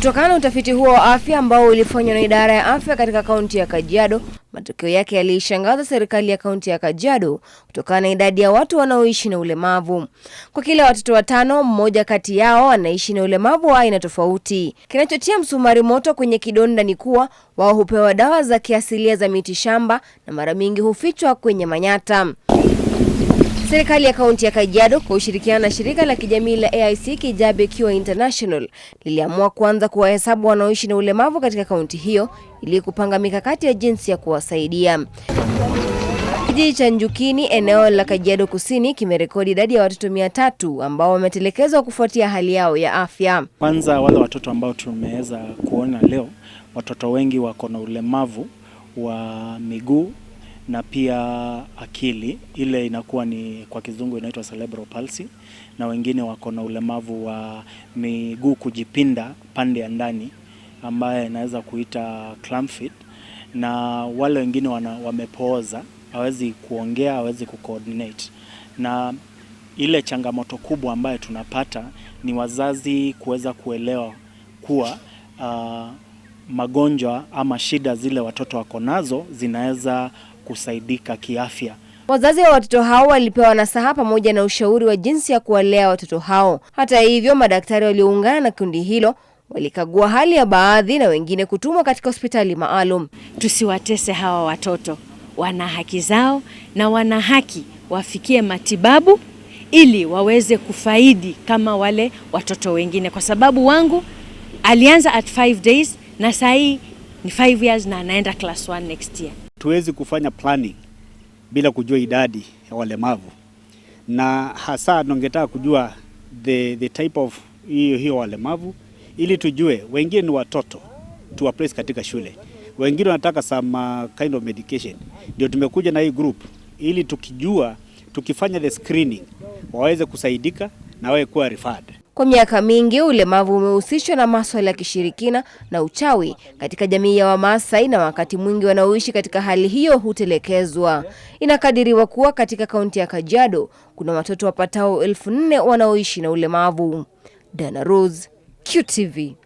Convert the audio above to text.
Kutokana na utafiti huo wa afya ambao ulifanywa na idara ya afya katika kaunti ya Kajiado, matokeo yake yaliishangaza serikali ya kaunti ya Kajiado kutokana na idadi ya watu wanaoishi na ulemavu. Kwa kila watoto watano, mmoja kati yao anaishi na ulemavu wa aina tofauti. Kinachotia msumari moto kwenye kidonda ni kuwa wao hupewa dawa za kiasilia za miti shamba na mara mingi hufichwa kwenye manyata. Serikali ya kaunti ya Kajiado kwa ushirikiano na shirika la kijamii la AIC Kijabe Cure International liliamua kuanza kuwahesabu wanaoishi na ulemavu katika kaunti hiyo ili kupanga mikakati ya jinsi ya kuwasaidia. Kijiji cha Njukini eneo la Kajiado Kusini kimerekodi idadi ya watoto mia tatu ambao wametelekezwa kufuatia hali yao ya afya. Kwanza wale watoto ambao tumeweza kuona leo, watoto wengi wako na ulemavu wa miguu na pia akili ile inakuwa ni kwa kizungu inaitwa cerebral palsy, na wengine wako na ulemavu wa miguu kujipinda pande ya ndani ambaye inaweza kuita clubfoot, na wale wengine wana, wamepooza, hawezi kuongea, hawezi kucoordinate na ile changamoto kubwa ambayo tunapata ni wazazi kuweza kuelewa kuwa uh, magonjwa ama shida zile watoto wako nazo zinaweza kusaidika kiafya. Wazazi wa watoto hao walipewa nasaha pamoja na ushauri wa jinsi ya kuwalea watoto hao. Hata hivyo, madaktari walioungana na kundi hilo walikagua hali ya baadhi na wengine kutumwa katika hospitali maalum. Tusiwatese hawa watoto, wana haki zao na wana haki wafikie matibabu ili waweze kufaidi kama wale watoto wengine, kwa sababu wangu alianza at 5 days na saa hii ni 5 years na anaenda class 1 next year. Tuwezi kufanya planning bila kujua idadi ya walemavu na hasa ningetaka kujua the, the type of hiyo hiyo walemavu ili tujue, wengine ni watoto tuwa place katika shule, wengine wanataka some uh, kind of medication. Ndio tumekuja na hii group ili tukijua, tukifanya the screening waweze kusaidika na wawe kuwa referred. Kwa miaka mingi ulemavu umehusishwa na maswala ya kishirikina na uchawi katika jamii ya Wamaasai, na wakati mwingi wanaoishi katika hali hiyo hutelekezwa. Inakadiriwa kuwa katika kaunti ya Kajiado kuna watoto wapatao elfu nne wanaoishi na ulemavu. Dana Rose, QTV.